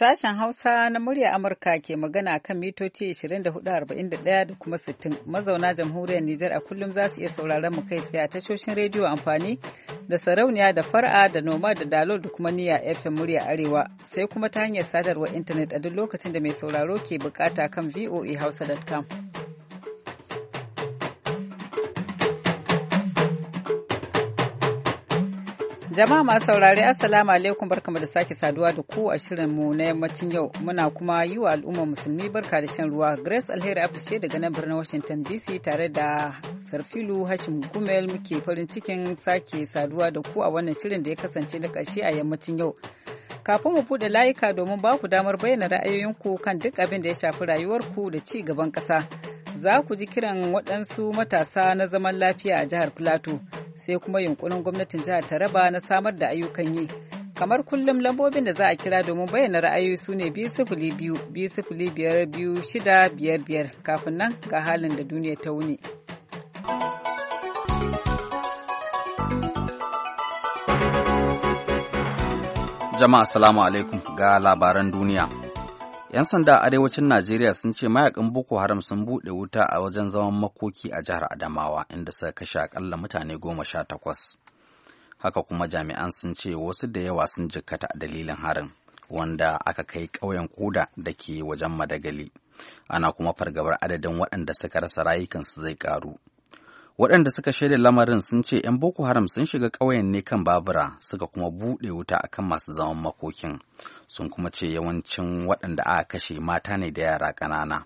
Sashen Hausa na murya Amurka ke magana kan mitoci 24,41 da kuma 60 mazauna jamhuriyar Nijar a kullum za su iya sauraron mu kai tsaye a tashoshin rediyo amfani da sarauniya da fara da noma da dalo da kuma niya FM murya Arewa sai kuma ta hanyar sadarwar intanet a duk lokacin da mai sauraro ke bukata kan voahausa.com. Jama'a masu saurare Assalamu alaikum barkamu da sake saduwa da ku a shirin mu na yammacin yau muna kuma yi wa al'umma musulmi barka da shan ruwa Grace Alheri Abdushe daga nan birnin Washington DC tare da Sarfilu Hashim Gumel muke farin cikin sake saduwa da ku a wannan shirin da ya kasance na ƙarshe a yammacin yau. Kafin mu buɗe layuka domin ba ku damar bayyana ra'ayoyinku kan duk abin da ya shafi rayuwarku da ci gaban ƙasa. Za ku ji kiran waɗansu matasa na zaman lafiya a jihar Plateau. sai kuma yunkurin gwamnatin jihar Taraba na samar da ayyukan yi. Kamar kullum lambobin da za a kira domin bayyana ra'ayoyi su ne biyar biyar kafin nan ga halin da duniya ta wuni. Jama'a salamu alaikum ga labaran duniya. 'Yan sanda a arewacin Najeriya sun ce mayakan Boko Haram sun buɗe wuta a wajen zaman makoki a jihar Adamawa inda suka kashe akalla mutane goma sha takwas. Haka kuma jami'an sun ce wasu da yawa sun jikkata a dalilin harin wanda aka kai ƙauyen Kuda da ke wajen Madagali. Ana kuma fargabar adadin waɗanda suka rasa rayukansu zai ƙaru. waɗanda suka shaida lamarin sun ce 'yan boko haram sun shiga ƙauyen ne kan babura suka kuma buɗe wuta akan masu zaman makokin sun kuma ce yawancin waɗanda aka kashe mata ne da yara ƙanana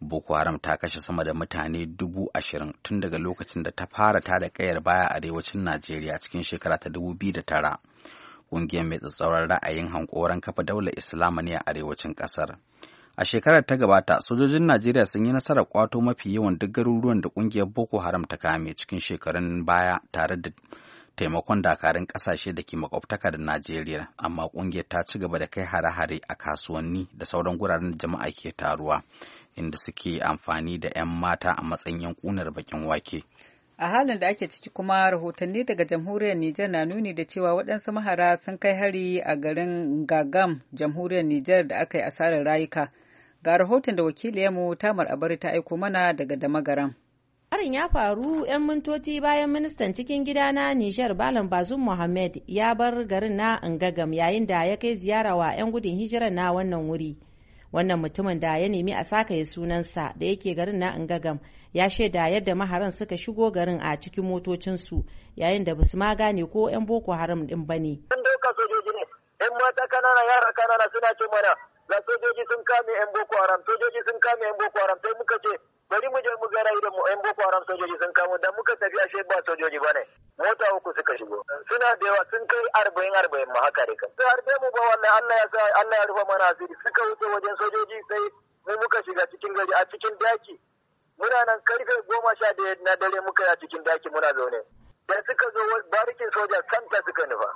boko haram ta kashe sama da mutane dubu ashirin tun daga lokacin da ta fara tada ƙayar baya a arewacin najeriya cikin shekara ta dubu biyu da tara ƙungiyar mai tsatsauran ra'ayin hankoran kafa daular islama ne a arewacin ƙasar A shekarar ta gabata, sojojin Najeriya sun yi nasarar kwato mafi yawan duk garuruwan da ƙungiyar Boko Haram ta kame cikin shekarun baya tare da taimakon dakarun kasashe da ke makwabtaka da Najeriya, amma ƙungiyar ta ci gaba da kai hare-hare a kasuwanni da sauran guraren da jama'a ke taruwa, inda suke amfani da 'yan mata a matsayin yankunar bakin wake. a halin da ake ciki kuma rahotanni daga jamhuriyar Nijar na nuni da cewa waɗansu mahara sun kai hari a garin Gagam jamhuriyar Nijar da aka yi asarar rayuka Ga rahoton da wakili wakiliyarmu Tamar Abari ta aiko mana daga Damagaran. Harin ya faru 'yan mintoci bayan ministan cikin gida na Nijar Balan Bazum Mohammed ya bar garin na Ngagam yayin da ya kai ziyara wa 'yan gudun hijirar na wannan wuri. Wannan mutumin da ya nemi a ya sunansa da yake garin na Ngagam ya shaida yadda maharan suka shigo garin a cikin motocinsu yayin da basu ma gane ko 'yan Boko Haram din bane. 'yan mata kanana yara kanana suna ce mana ga sojoji sun kame yan boko haram sojoji sun kame yan boko haram sai muka ce bari mu je mu ga da mu yan boko haram sojoji sun kamo da muka tafi ashe ba sojoji ba ne mota uku suka shigo suna da yawa sun kai arba'in arba'in ma haka dai kan su harbe mu ba wallahi Allah ya sa Allah ya rufa mana asiri suka wuce wajen sojoji sai mu muka shiga cikin gari a cikin daki muna nan karfe goma sha na dare muka yi a cikin daki muna zaune da suka zo barikin soja ta suka nufa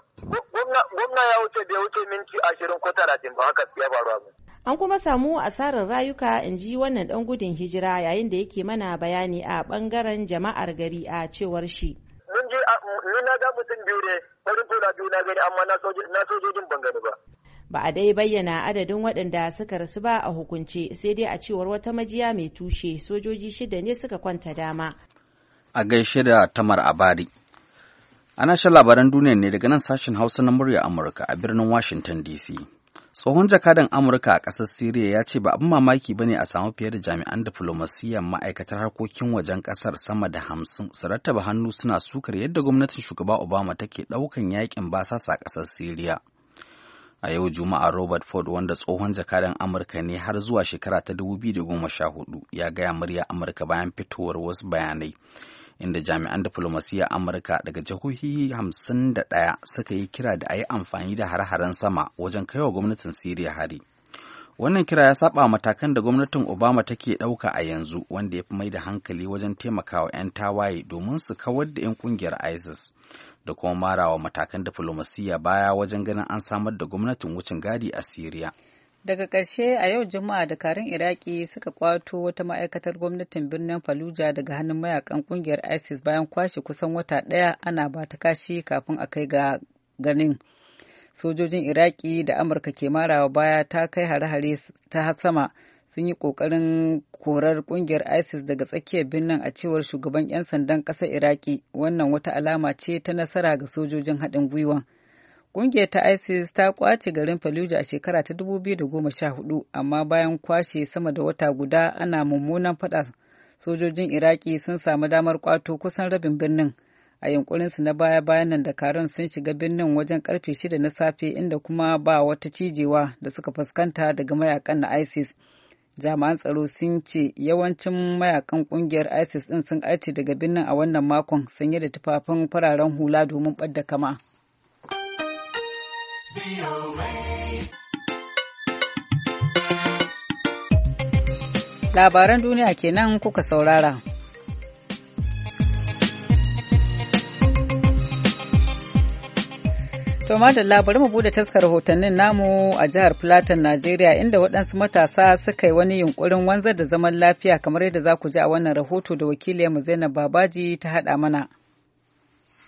gwamna ya wuce bai wuce minti ashirin ko talatin ba haka ya faru abu an kuma samu asarar rayuka in ji wannan dan gudun hijira yayin da yake mana bayani a bangaren jama'ar gari a cewar shi mun je ni na ga mutum biyu ne farin tura biyu na gani amma na sojojin ban gani ba ba a dai bayyana adadin waɗanda suka rasu ba a hukunce sai dai a cewar wata majiya mai tushe sojoji shida ne suka kwanta dama a gaishe da tamar abari Ana shan labaran duniya ne daga nan sashen Hausa na murya Amurka a birnin Washington DC. Tsohon jakadan Amurka a ƙasar Siriya ya ce ba abin mamaki ba ne a samu fiye da jami'an diflomasiyyar ma'aikatar harkokin wajen ƙasar sama da hamsin su rattaba hannu suna sukar yadda gwamnatin shugaba Obama take ɗaukan yakin basasa a ƙasar Siriya. a yau juma'a robert ford wanda tsohon jakadan amurka ne har zuwa shekara ta 2014 ya gaya murya amurka bayan fitowar wasu bayanai inda jami'an diflomasiyya amurka daga jihohi 51 suka yi kira da a yi amfani da hare-haren sama wajen kaiwa gwamnatin siriya hari wannan kira ya saba matakan da gwamnatin obama take ɗauka a yanzu wanda ya fi mai da hankali wajen taimakawa 'yan tawaye domin su kawar da 'yan kungiyar isis da kuma marawa matakan diflomasiyya baya wajen ganin an samar da gwamnatin wucin gadi a siriya daga ƙarshe a yau juma'a da karin iraki suka kwato wata ma'aikatar gwamnatin birnin fallujah daga hannun mayakan kungiyar isis bayan kwashe kusan wata ɗaya ana ba ta kashi kafin a kai ga ganin sojojin iraki da amurka ke marawa baya ta kai hare-hare ta sama sun yi ƙoƙarin korar ƙungiyar isis daga tsakiyar birnin a cewar shugaban 'yan sandan ƙasar iraki wannan wata alama ce ta nasara ga sojojin haɗin gwiwa Ƙungiyar ta ISIS ta kwace garin Fallujah a shekara ta 2014 amma bayan kwashe sama da wata guda ana mummunan fada sojojin Iraki sun samu damar kwato kusan rabin birnin. A yunkurinsu na baya-bayan nan dakarun sun shiga birnin wajen karfe 6 na safe inda kuma ba wata cijewa da suka fuskanta daga mayakan na ISIS. Jami'an tsaro sun ce yawancin mayakan kungiyar ISIS ɗin sun arce daga birnin a wannan makon sanye da tufafin fararen hula domin ɓadda kama. Labaran duniya kenan kuka saurara. To madalla bari mu bude taskar rahotannin namu a jihar Plateau, Najeriya inda waɗansu matasa suka yi wani yunkurin wanzar da zaman lafiya kamar yadda za ku ji a wannan rahoto da wakiliyarmu Zainab Babaji ta haɗa mana.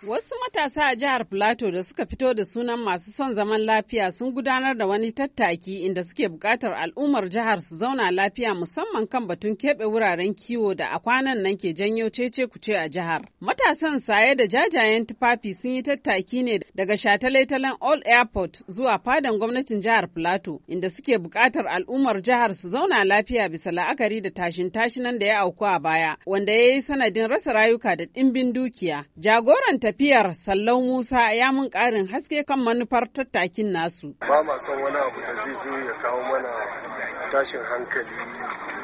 Wasu matasa a jihar Filato da suka fito da sunan masu son zaman lafiya sun gudanar da wani tattaki inda suke buƙatar al'ummar jihar su zauna lafiya musamman kan batun keɓe wuraren kiwo da a kwanan nan ke janyo cece kuce a jihar. Matasan saye da jajayen tufafi sun yi tattaki ne daga shataletalen Old Airport zuwa fadan gwamnatin jihar Filato inda suke buƙatar al'ummar jihar su zauna lafiya bisa la'akari da tashin tashi nan da ya auku a baya wanda ya yi sanadin rasa rayuka da ɗimbin dukiya. Jagoran tafiyar Sallau Musa ya mun ƙarin haske kan manufar tattakin nasu. Ba ma son wani abu da zai zo ya kawo mana tashin hankali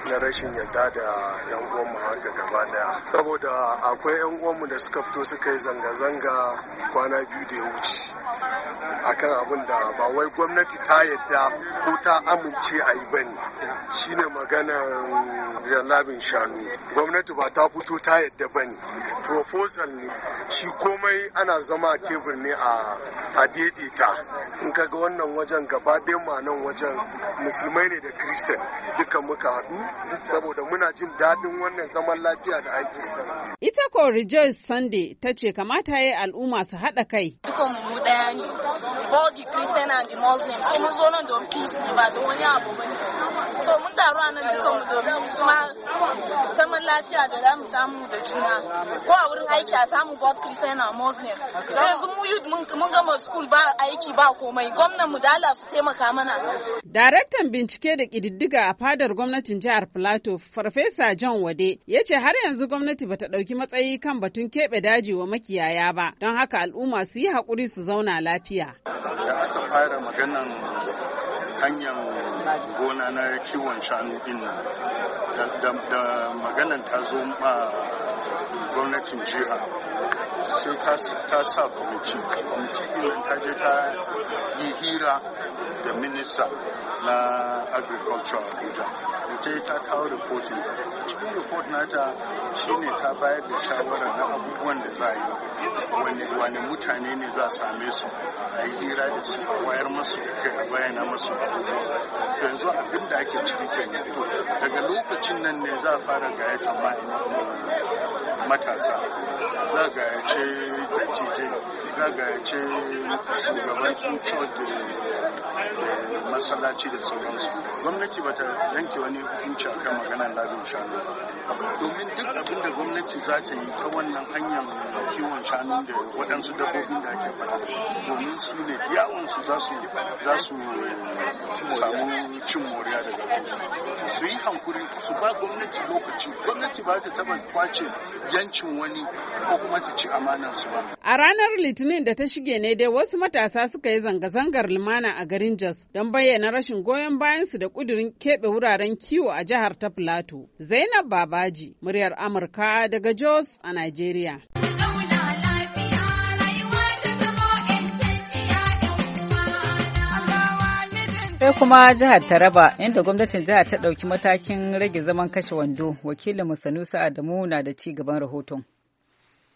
na rashin yarda da yan uwanmu haka gaba daya. Saboda akwai yan uwanmu da suka fito suka yi zanga-zanga kwana biyu da ya wuce. akan abin da ba wai gwamnati ta yadda ko ta amince a yi bane shine maganar labin shanu gwamnati ba ta fito ta yadda bane proposal ne shi komai ana zama a tebur ne a daidaita in kaga wannan wajen gaba ma nan wajen musulmai ne da kristian duka muka haɗu saboda muna jin daɗin wannan zaman lafiya da ake ita ko rejoice sunday ta ce kamata ya yi al'umma su haɗa kai ɗaya and both the Christian and the Muslims. So Muslim don't peace, but only have so mun taru a nan dukan mu domin kuma saman lafiya da zamu samu da juna ko a wurin aiki a samu both christian and muslim to yanzu mu yi mun gama school ba aiki ba komai gwamnan mu dala su taimaka mana daraktan bincike da kididdiga a fadar gwamnatin jihar plateau farfesa john wade ya ce har yanzu gwamnati bata dauki matsayi kan batun keɓe daji wa makiyaya ba don haka al'umma su yi hakuri su zauna lafiya da aka fara maganan hanyar gona na kiwon shanu din nan da maganan ta zo ma gwamnatin jiha sai ta sa kwamiti kwamiti ɗin ta je ta yi hira da minista na agriculture abuja da ta kawo da report nata shine ta bayar da shawara na abubuwan da za a yi wani mutane ne za a same su a yi hira da su a wayar masu da kai a bayana masu abubuwa yanzu abin da ake ciki kenan to daga lokacin nan ne za a fara tsammanin matasa za a gayyace dattijai za a ce shugaban sun masallaci da sauransu gwamnati ba ta yanke wani hukunci a kan maganar labin shanu ba domin duk abin da gwamnati za ta yi ta wannan hanyar kiwon shanu da waɗansu dabbobin da ake fara domin su ne yawonsu za su za su samu cin moriya daga gwamnati su yi hankuri su ba gwamnati lokaci gwamnati ba ta taba kwace yancin wani ko kuma ta ci amanansu ba a ranar litinin da ta shige ne dai wasu matasa suka yi zanga-zangar lumana a garin jos don bayyana rashin goyon bayansu da kudirin keɓe wuraren kiwo a jihar ta Filato. Zainab Babaji, muryar Amurka daga Jos a Najeriya. sai kuma jihar taraba inda gwamnatin jihar ta ɗauki matakin rage zaman kashe wando wakilin sanusi adamu na da ci gaban rahoton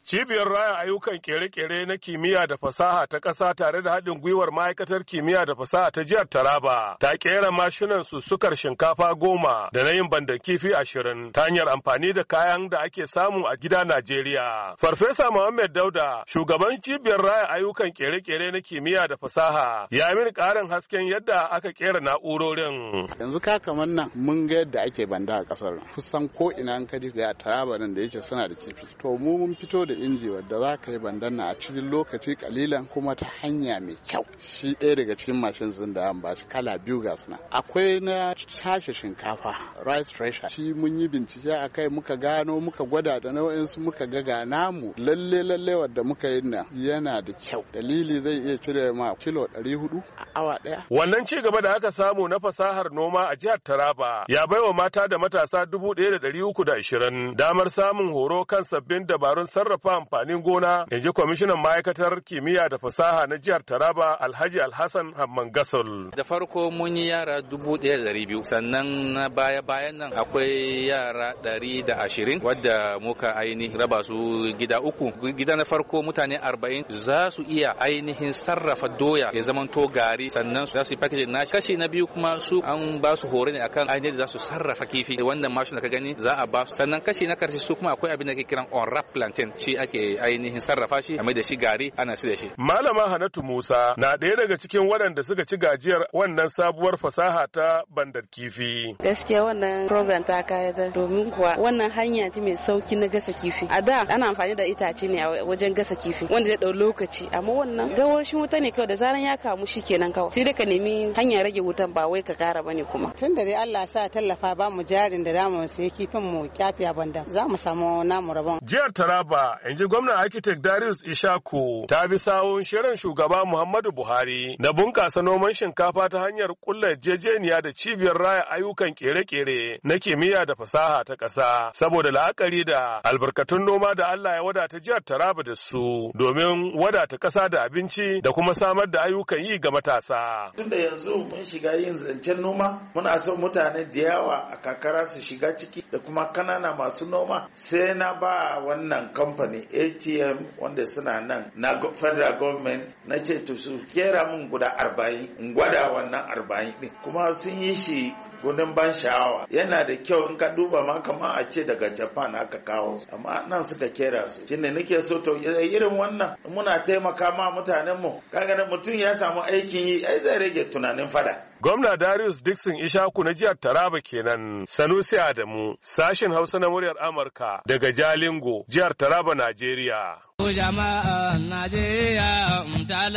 Cibiyar raya ayyukan kere-kere na kimiyya da fasaha ta ƙasa tare da haɗin gwiwar ma'aikatar kimiyya da fasaha ta jihar Taraba ta ƙera mashinan sussukar shinkafa goma da na yin bandan kifi ashirin ta hanyar amfani da kayan da ake samu a gida Najeriya. Farfesa Muhammad Dauda, shugaban cibiyar raya ayyukan kere-kere na kimiyya da fasaha, ya mini ƙarin hasken yadda aka ƙera na'urorin. Yanzu ka kamar nan mun ga yadda ake banda a ƙasar. Kusan ko ina an kaji ga Taraba nan da yake suna da kifi. To mu mun fito da inji wadda za ka yi bandanna a cikin lokaci kalilan kuma ta hanya mai kyau shi ɗaya daga cikin mashin sun da an bashi kala biyu ga suna akwai na tashi shinkafa rice thresher shi mun yi bincike a kai muka gano muka gwada da nau'insu muka ga ga mu lalle lalle wadda muka yi nan yana da kyau dalili zai iya cire ma kilo 400 a awa ɗaya wannan ci gaba da aka samu na fasahar noma a jihar Taraba ya baiwa mata da matasa da 1320 damar samun horo kan sabbin dabarun sarrafa shafa amfanin gona in ji kwamishinan ma'aikatar kimiyya da fasaha na jihar taraba alhaji alhassan hamman gasol da farko mun yi yara dubu ɗaya da biyu sannan na baya bayan nan akwai yara ɗari da ashirin wadda muka ainihin raba su gida uku gida na farko mutane arba'in za su iya ainihin sarrafa doya ya to gari sannan za su yi na kashi na biyu kuma su an ba su hore ne akan ainihin za su sarrafa kifi wannan mashin da ka gani za a ba su sannan kashi na karshe su kuma akwai abin da ke kiran on wrap plantain shi ake ainihin sarrafa shi a mai da shi gari ana sida shi. Malama Hanatu Musa na ɗaya daga cikin waɗanda suka ci gajiyar wannan sabuwar fasaha ta bandar kifi. Gaskiya wannan program ta kayatar domin kuwa wannan hanya ce mai sauki na gasa kifi. A da ana amfani da itace ne a wajen gasa kifi wanda zai ɗau lokaci amma wannan shi wuta ne kawai da zaran ya kamu shi kenan kawai. Sai dai ka nemi hanyar rage wutan ba wai ka kara bane kuma. Tun da dai Allah sa tallafa ba mu jarin da damu sai kifin mu a banda za mu samu namu rabon. Jiyar Taraba in ji gwamnan architect Darius Ishaku ta bi sawun shirin shugaba Muhammadu Buhari na bunƙasa noman shinkafa ta hanyar ƙulla jejeniya da cibiyar raya ayyukan kere-kere na kimiyya da fasaha ta ƙasa saboda la'akari da albarkatun noma da Allah ya wadata jihar Taraba da su domin wadata ƙasa da abinci da kuma samar da ayyukan yi ga matasa. Tun da yanzu mun shiga yin zancen noma muna so mutane da yawa a kakara su shiga ciki da kuma ƙanana masu noma sai na ba wannan kamfani kamfani atm wanda suna nan na federal government na ce to su kera mun guda arba'in in gwada wannan arba'in din kuma sun yi shi gudun ban sha'awa yana da kyau in ka duba ma kamar a ce daga japan aka kawo amma nan suka kera su ne nake so to eh, irin wannan muna taimaka ma mutanen mu kaga mutum ya samu aikin yi ai zai rage tunanin fada Gwamna Darius Dixon Ishaku na jihar Taraba kenan, Sanusi Adamu, sashen Hausa na muryar Amurka daga Jalingo, jihar Taraba, Najeriya. jama'a Najeriya da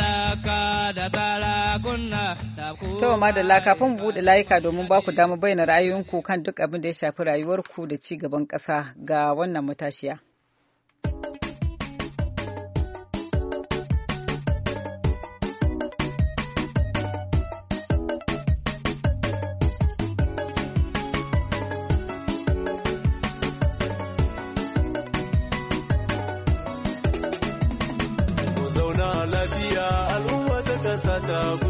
sarakuna da kafin buɗe layuka domin ba ku damu bayyana ra'ayoyinku kan duk abin da ya shafi rayuwarku da ci gaban ƙasa ga wannan matashiya. love.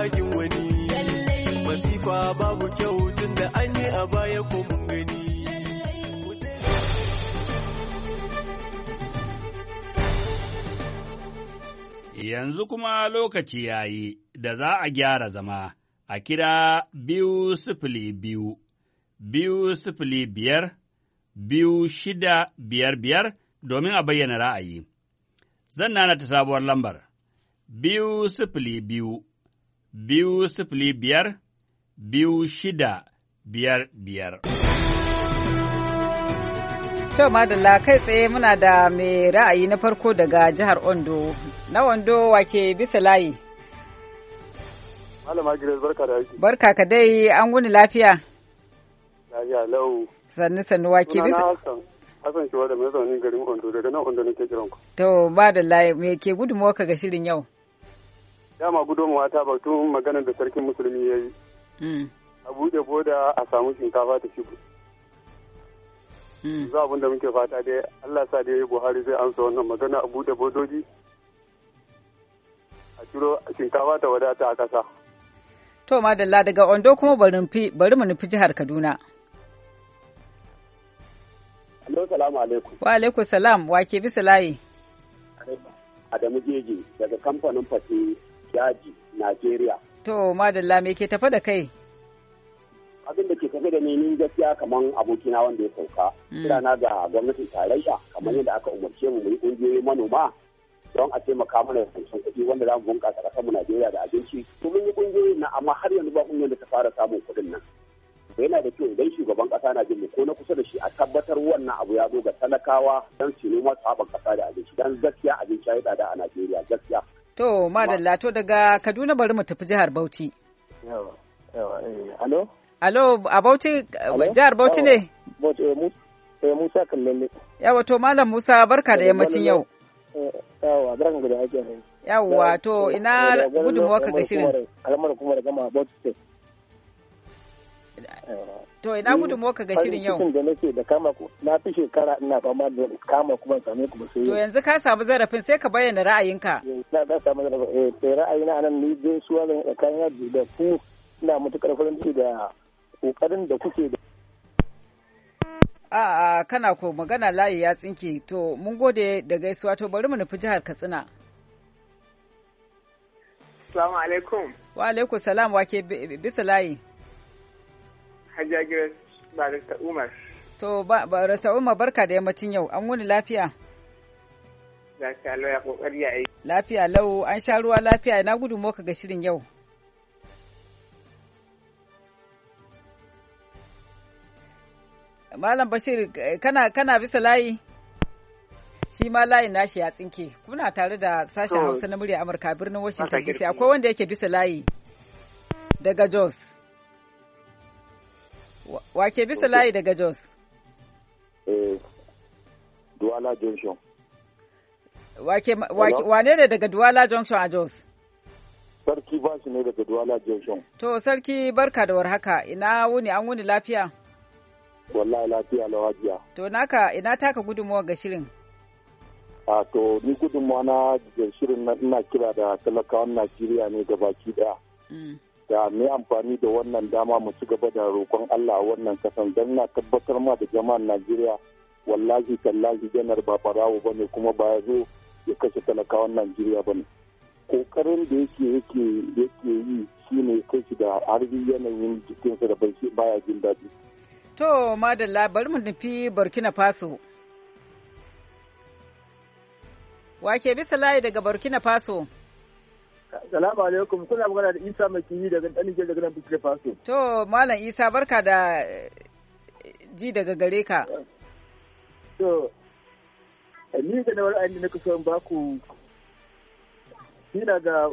zagin wani masifa babu kyau tun da an yi a baya ko mun gani yanzu kuma lokaci ya yi da za a gyara zama a kira biyu sifili biyu, biyu sifili biyar, biyu shida biyar biyar domin a bayyana ra'ayi. Zan nana ta sabuwar lambar, biyu sifili biyu, biyu sifili biyar biyu shida biyar biyar. To madalla kai tsaye muna da mai ra'ayi na farko daga jihar Ondo. Na Ondo wake bisa layi. Malama Grace barka da yake. Barka ka dai an wuni lafiya. Lafiya lau. Sannu sannu wake bisa. Hassan Shiwa da mai zaunin garin Ondo daga nan Ondo nake kiran ku. To madalla me ke gudunmawa ka ga shirin yau? dama gudunmawa ta batun maganar da sarkin musulmi ya yi mm. a buɗe boda a samu shinkafa ta shigo mm. za abin da muke fata dai allah sa dai buhari zai amsa wannan magana a buɗe bodoji a ciro shinkafa ta wadata a ƙasa to madalla daga ondo kuma bari mu nufi jihar kaduna Alo, salamu alaikum. Wa alaikum salam, wa ke bisa layi? Adamu Jeji daga kamfanin Fati Jaji, Najeriya. To, madalla me ke tafi da kai? Abin da ke tafi da ni ni gaskiya kamar abokina wanda ya sauka. Hmm. Kira na ga gwamnatin tarayya kamar yadda aka umarce mu mai yi manoma don a taimaka mana da sun kuɗi wanda za mu bunƙasa ƙasar mu Najeriya da abinci. To mun yi ƙungiyoyin na amma har yanzu ba ƙungiyar da ta fara samun kuɗin nan. yana da kyau idan shugaban ƙasa na jin ko na kusa da shi a tabbatar wannan abu ya zo ga talakawa don su noma sabon ƙasa da abinci don gaskiya abinci ya yi tsada a Najeriya gaskiya To, madalla to daga Kaduna bari mu tafi jihar Bauchi. Yawa, yawa, alo? Alo, a Bauchi, jihar Bauchi ne? Musa Kallele. Yawa, to Malam Musa barka da yammacin yau. Yawa, barkan da ake ne. Yawa, to ina gudunmuwa ka ga shirin. Alamar kuma da gama Bauchi State. To ina gudunmuwa ka ga shirin yau. Cikin da nake da kama ku na fi shekara ina fama da kama kuma same ku ba sai. To yanzu ka samu zarafin sai ka bayyana ra'ayinka. Eh, na da samu zarafin eh ra'ayina anan ni dai suwa zan tsakanin yaji da ku ina mutukar farin ciki da kokarin da kuke da A'a kana ko magana layi ya tsinke to mun gode da gaisuwa to bari mu nufi jihar Katsina. Assalamu alaikum. Wa alaikum salam wake bisa layi. Hajiya Barista Umar. To Barista Umar barka da yammacin yau an wuni lafiya. Lafiya lau ya kokari ya yi. Lafiya lau an sha ruwa lafiya na gudu moka ga shirin yau. Malam Bashir kana kana bisa layi? Shi ma layin nashi ya tsinke. Kuna tare da sashen Hausa na murya Amurka birnin Washington DC akwai wanda yake bisa layi daga Jos. Wake bisa layi daga Jos? Eh, Duwala Junction. wane ne daga Duwala Junction a Jos? Sarki bashi ne daga Duwala Junction. To, Sarki barka da warhaka, ina wuni an wuni lafiya? Wallahi lafiya lawajiya. To, naka ina taka gudunmuwa ga shirin? A to, ni gudunmuwa na shirin na ina kira da talakawan Najeriya ne gabaki daya. Mm. da mai amfani da wannan dama mu ci gaba da roƙon Allah a wannan kasan don na tabbatar ma da jama'an Najeriya wallahi tallahi janar ba farawo ba ne kuma ba ya zo ya kashe talakawan Najeriya ba ne. Kokarin da yake yake yake yi shine kai shi da harbi yanayin jikinsa da baya jin daɗi. To madalla bari mu nufi Burkina Faso. Wake bisa layi daga Burkina Faso. Salamu alaikum kuna magana da Isa Makiyi daga ɗan Nijar daga nan Burkina Faso. To Malam Isa barka da eh, ji daga gare ka. To ni da na wani na kusa ku baku na ga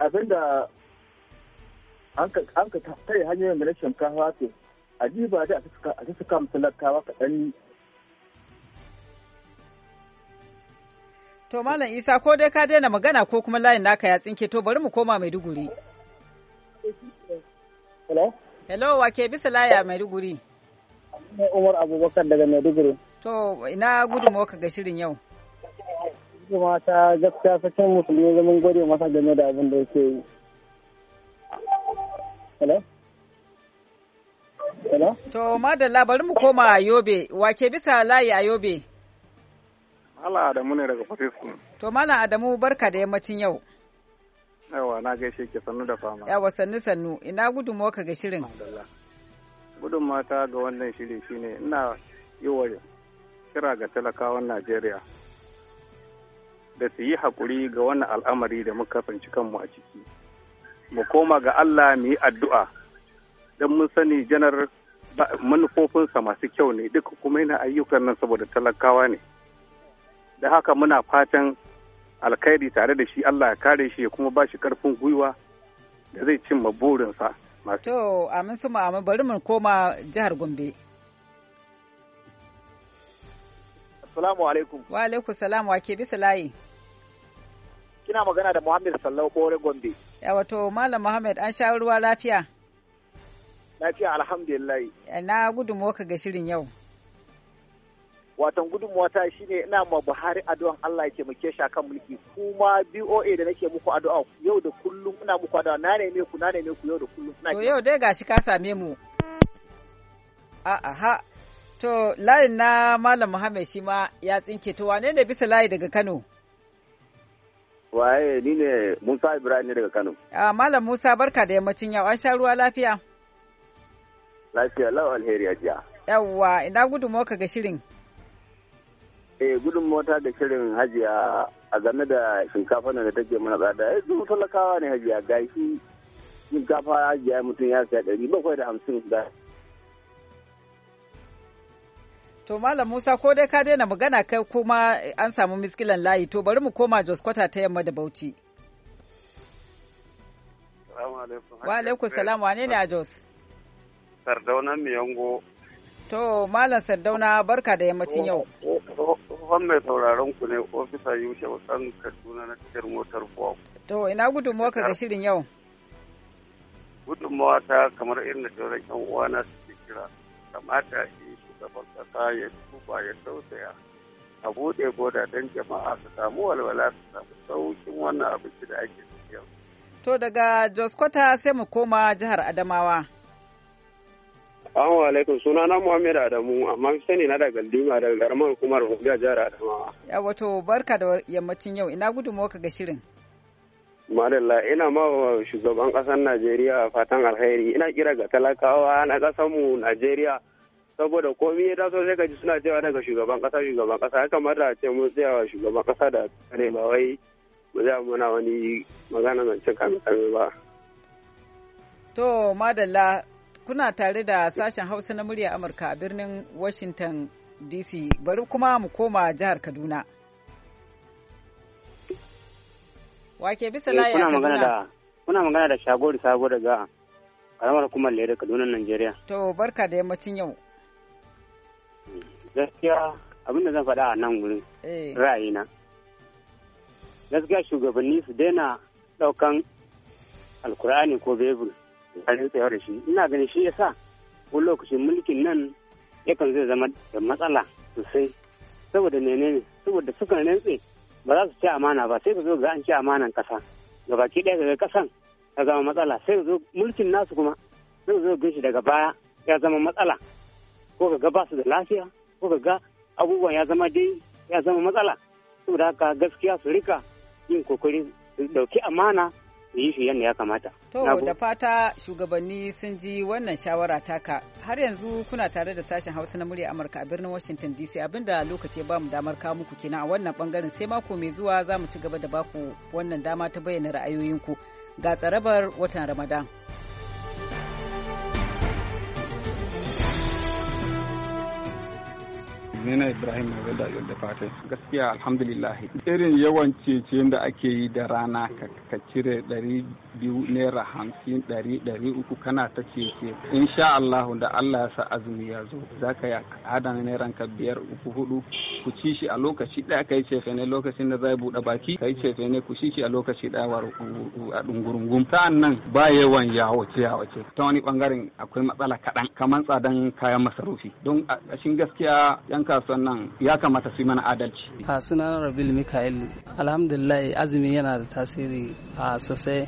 abinda an ka tare hanyoyin da na shinkafa to a ji ba da a ta suka musu lakawa kaɗan To Malam Isa ko dai ka daina magana ko kuma layin naka ya tsinke to bari mu koma Maiduguri. Hello? Hello wa ke bisa laya Maiduguri? Umar Abubakar daga Maiduguri. To ina gudunmawa ka ga shirin yau. Gudunmawa ta gaskiya sakin musulmi zaman gode masa game da abin da yake yi. Hello? Hello? To madalla bari mu koma Yobe wa ke bisa layi a Yobe? Allah Adamu ne daga Fatisku. To Malam Adamu barka da yammacin yau. Yawa na gaishe ke sannu da fama. Yawa sannu sannu ina gudun ka ga shirin. Gudun mata ga wannan shiri shine ina yi wa kira ga talakawan Najeriya da su yi haƙuri ga wannan al'amari da muka fanci kanmu a ciki. Mu koma ga Allah mu yi addu'a don mun sani janar manufofinsa masu kyau ne duka kuma yana ayyukan nan saboda talakawa ne. da haka muna fatan alkhairi tare da shi Allah ya kare shi ya kuma ba shi karfin gwiwa da zai cimma burinsa. To, amin su amin bari mu koma jihar Gombe. Assalamu alaikum. Wa alaikum salam wa ke bisa layi. Kina magana da Muhammad Sallau Kore Gombe. Ya wato Malam Muhammad an sha ruwa lafiya. Lafiya alhamdulillah. Na gudunmu ka ga shirin yau. watan gudunmuwa ta shine ina ma Buhari addu'an Allah ya taimake shi akan mulki kuma BOA da nake muku addu'a yau da kullum ina muku addu'a na neme ku na ne ku yau da kullum to yau dai gashi ka same mu a aha to layin na Malam Muhammad shi ma ya tsinke to wane ne bisa layi daga Kano waye ni ne Musa Ibrahim ne daga Kano a Malam Musa barka da yammacin yau an sha ruwa lafiya lafiya lau alheri ajiya yawwa ina gudunmuwa ka ga shirin eh gudun mota da shirin hajiya a game da shinkafa da take mana tsada ya eh, zuwa talakawa ne hajiya ga shi shinkafa hajiya mutum ya saya ɗari bakwai da hamsin ga to malam musa ko dai ka daina magana kai kuma an samu miskilan layi to bari mu koma jos kwata ta yamma da bauchi wa alaikum salam wane ne a jos sardaunan miyango to malam sardauna barka da yammacin yau oh, oh, oh. tsohon mai sauraron ku ne ofisa yushe wasan kaduna na cikin motar buwa to ina gudunmuwa ka ga shirin yau gudunmuwa ta kamar irin da sauran yan uwana suke kira kamata shi shugaban kasa ya tuba ya tausaya a buɗe boda don jama'a su samu walwala su samu saukin wannan abinci da ake ciki yau to daga jos kwata sai mu koma jihar adamawa Assalamu alaikum na Muhammad Adamu amma sani na daga Lima daga garman hukumar Hunga jihar Adamawa. Ya wato barka da yammacin yau ina gudunmawa ka ga shirin. Madalla ina ma shugaban ƙasar Najeriya fatan alheri ina kira ga talakawa na ƙasarmu Najeriya saboda komai ya taso sai gaji suna cewa daga shugaban ƙasa shugaban ƙasa ya kamata a ce mun wa shugaban ƙasa da kare ba wai mu za muna wani magana zancen kamin kame ba. To madalla kuna tare da sashen hausa na murya amurka a birnin washington dc bari kuma mu koma jihar kaduna wake bisa eh, layi a kaduna kuna magana da shagori sabo daga karamar kuma da kaduna nigeria. to barka da yammacin yau gaskiya abin da zan faɗa a nan wurin eh. ra'ayina gaskiya shugabanni su daina ɗaukan alkur'ani ko bebul a tsaye da shi ina ganin shi yasa wani lokacin mulkin nan yakan zai zama da matsala sosai saboda menene saboda suka rantse ba za su ci amana ba sai ka zo ga an ci amanan kasa ga baki ɗaya daga kasan ya zama matsala sai ka zo mulkin nasu kuma sai ka zo ga shi daga baya ya zama matsala ko ka ga ba su da lafiya ko ka ga abubuwan ya zama dai ya zama matsala saboda haka gaskiya su rika yin kokari su ɗauki amana yi shi yadda ya kamata. To da fata shugabanni sun ji wannan shawara taka har yanzu kuna tare da sashen hausa na murya Amurka a birnin Washington DC abinda lokaci ba mu damar kawo muku kenan a wannan bangaren sai mako mai zuwa za mu ci gaba da baku wannan dama ta bayyana ra'ayoyinku ga tsarabar watan Ramadan. Zina Ibrahim mai da da Fatai. Gaskiya alhamdulillah. Irin yawan cece da ake yi da rana ka cire ɗari biyu naira hamsin ɗari ɗari uku kana ta cece. Insha Allah da Allah ya sa azumi ya zo za ka yi adana nairan ka biyar uku hudu ku ci shi a lokaci ɗaya ka yi cefe ne lokacin da za a buɗe baki ka yi cefe ne ku ci shi a lokaci ɗaya a ɗungurungun. Sa'an nan ba yawan yawace yawace ta wani ɓangaren akwai matsala kaɗan kamar tsadan kayan masarufi don a gaskiya yan kasuwan nan ya kamata su mana adalci. a suna Rabil Mikael. Alhamdulillah azumi yana da tasiri a sosai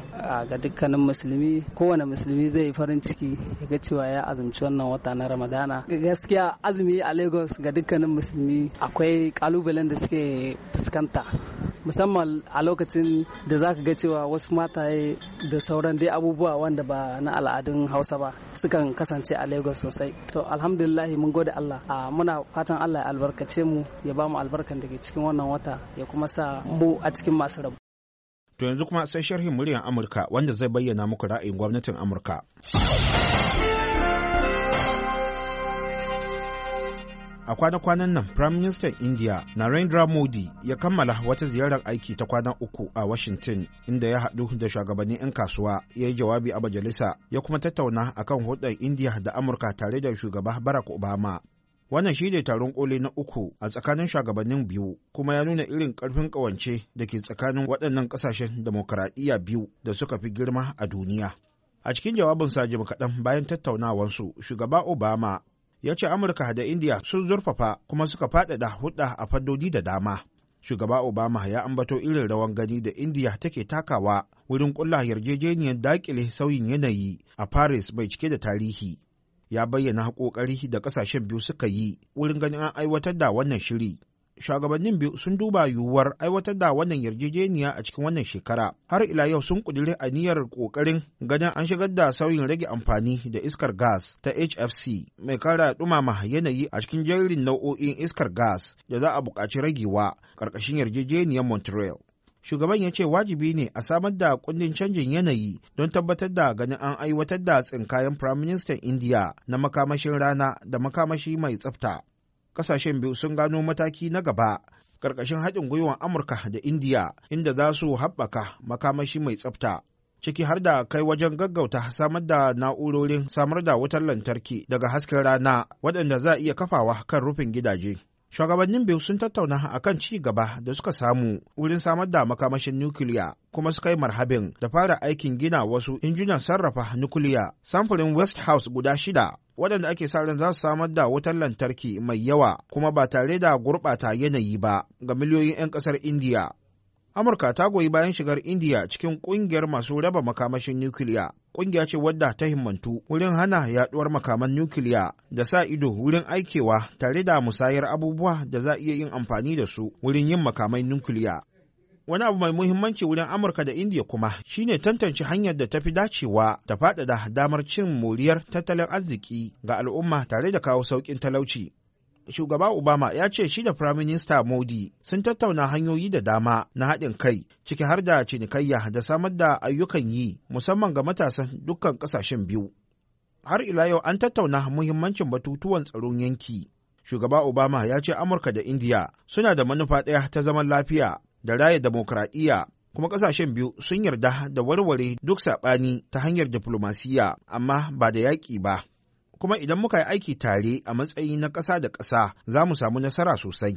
ga dukkanin musulmi. Kowane musulmi zai farin ciki ya ga cewa ya azumci wannan wata na Ramadana. Gaskiya azumi a Lagos ga dukkanin musulmi akwai kalubalen da suke fuskanta. musamman a lokacin da za ka ga cewa wasu mataye da sauran dai abubuwa wanda ba na al'adun hausa ba sukan kasance a lagos sosai to alhamdulillah mun gode allah muna fatan allah Allah ya albarkace mu ya ba mu albarkan da ke cikin wannan wata ya kuma sa mu a cikin masu rabu. To yanzu kuma sai sharhin muryar Amurka wanda zai bayyana muku ra'ayin gwamnatin Amurka. a kwana-kwanan nan Prime Minister India Narendra Modi ya kammala wata ziyarar aiki ta kwana uku a Washington inda ya haɗu da shugabannin 'yan kasuwa ya yi jawabi a majalisa ya kuma tattauna akan hulɗar India da Amurka tare da shugaba Barack Obama Wannan shi ne taron koli na uku a tsakanin shugabannin biyu kuma ya nuna irin ƙarfin ƙawance da ke tsakanin waɗannan ƙasashen dimokuraɗiyya biyu da suka fi girma a duniya. A cikin jawabin jim kaɗan bayan tattaunawansu, shugaba Obama ya ce Amurka da India sun zurfafa kuma suka faɗaɗa hudda a faddodi da dama. Shugaba Obama ya ambato irin rawan gani da India take takawa wurin ƙulla yarjejeniyar daƙile sauyin yanayi a Paris mai cike da tarihi. ya bayyana haƙoƙari da ƙasashen biyu suka yi wurin ganin an aiwatar da wannan shiri. Shugabannin biyu sun duba yiwuwar aiwatar da wannan yarjejeniya a cikin wannan shekara. Har ila yau sun ƙudiri a niyyar ƙoƙarin ganin an shigar da sauyin rage amfani da iskar gas ta HFC mai kara ɗumama yanayi a cikin jerin nau'o'in iskar gas da za a buƙaci ragewa ƙarƙashin yarjejeniyar Montreal. shugaban ya ce wajibi ne a samar da kundin canjin yanayi don tabbatar da ganin an aiwatar da tsinkayen prime minister india na makamashin rana da makamashi mai tsafta kasashen biyu sun gano mataki na gaba ƙarƙashin haɗin gwiwar amurka da indiya inda za su haɓaka makamashi mai tsafta ciki har da kai wajen gaggauta samar da na'urorin samar da wutar lantarki daga hasken rana waɗanda za a iya kafawa kan rufin gidaje shugabannin biyu sun tattauna a kan ci gaba da suka samu wurin samar da makamashin nukiliya kuma suka yi marhabin da fara aikin gina wasu injunan sarrafa nukiliya samfurin west house guda shida waɗanda ake sa ran za su samar da wutar lantarki mai yawa kuma ba tare da gurɓata yanayi ba ga miliyoyin 'yan ƙasar indiya Amurka ta goyi bayan shigar Indiya cikin ƙungiyar masu raba makamashin nukiliya. ƙungiya ce wadda ta himmantu wurin hana yaduwar makaman nukiliya da sa ido wurin aikewa tare da musayar abubuwa da za iya yin amfani da su wurin yin makamai nukiliya. Wani abu mai muhimmanci wurin Amurka da Indiya kuma shine tantance hanyar da ta fi dacewa ta faɗaɗa damar cin moriyar tattalin arziki ga al'umma tare da kawo sauƙin talauci. shugaba Obama ya ce shi da Firaminista Modi sun tattauna hanyoyi da dama na haɗin kai ciki har da cinikayya da samar da ayyukan yi musamman ga matasan dukkan ƙasashen biyu. Har ila yau an tattauna muhimmancin batutuwan tsaron yanki. Shugaba Obama ya ce Amurka da India suna da manufa ɗaya ta zaman lafiya da raya demokuraɗiyya kuma ƙasashen biyu sun yarda da warware duk saɓani ta hanyar diflomasiyya amma ba da yaƙi ba. kuma idan muka yi aiki tare a matsayi na ƙasa da ƙasa za mu samu nasara sosai.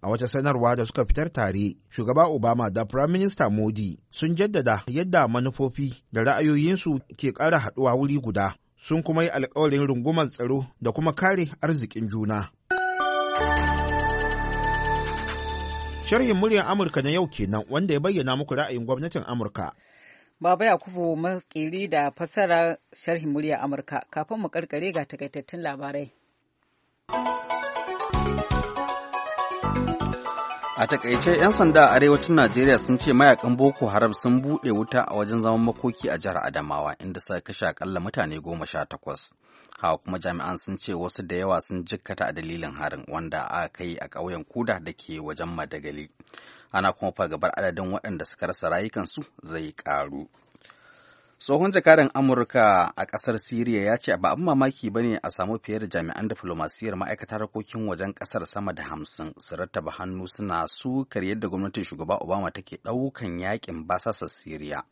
A wata sanarwa da suka fitar tare, shugaba Obama da Prime Minister Modi sun jaddada yadda manufofi da ra'ayoyinsu ke ƙara haɗuwa wuri guda, sun kuma yi alƙawarin rungumar tsaro da kuma kare arzikin juna. Sharhin muryar Amurka na yau kenan wanda ya bayyana muku ra'ayin gwamnatin Amurka. Baba Yakubu Matsiri da fasara sharhin murya Amurka kafin mu karkare ga takaitattun labarai. A takaice 'yan sanda a arewacin Najeriya sun ce mayakan Boko Haram sun buɗe wuta a wajen zaman makoki a jihar Adamawa inda suka kashe akalla mutane goma sha takwas. Hawa kuma jami'an sun ce wasu da yawa sun jikkata a dalilin harin wanda aka kai a ƙauyen Kuda da ke wajen Madagali. ana kuma fargabar adadin waɗanda suka rasa rayukansu zai ƙaru. tsohon jakadan amurka a ƙasar siriya ya ce ba abin mamaki ba ne a samu fiye da jami'an diflomasiyyar ma'aikatar harkokin wajen ƙasar sama da hamsin su rattaba hannu suna sukar yadda gwamnatin shugaba obama take ɗaukan yakin basasa siriya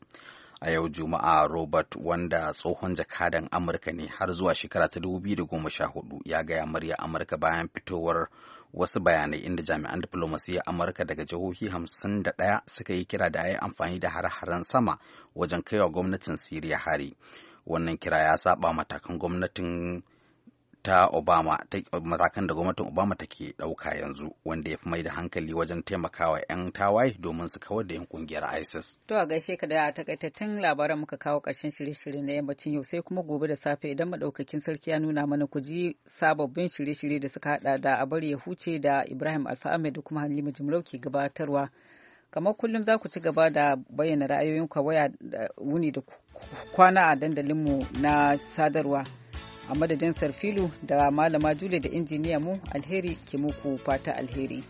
a yau juma'a robert wanda tsohon jakadan amurka ne har zuwa shekara ta 2014 ya gaya murya amurka bayan fitowar wasu bayanai inda jami'an diflomasiyyar amurka daga jihohi 51 suka yi kira da a yi amfani da har-haren sama wajen kaiwa gwamnatin siriya hari wannan kira ya saba matakan gwamnatin ta Obama matakan da gwamnatin Obama take ɗauka yanzu wanda ya fi mai da hankali wajen taimakawa 'yan tawaye domin su kawar da yin kungiyar ISIS. To a gaishe ka da takaitattun labaran muka kawo ƙarshen shirye-shirye na yammacin yau sai kuma gobe da safe idan madaukakin sarki ya nuna mana ku ji sababbin shirye-shirye da suka hada da a bari ya huce da Ibrahim Alfa Ahmed da kuma Halima Jimrau ke gabatarwa. kamar kullum za ku ci gaba da bayyana ra'ayoyin waya wuni da kwana a dandalinmu na sadarwa a madadin sarfilu da malama jule da injiniya mu alheri ke muku fata alheri.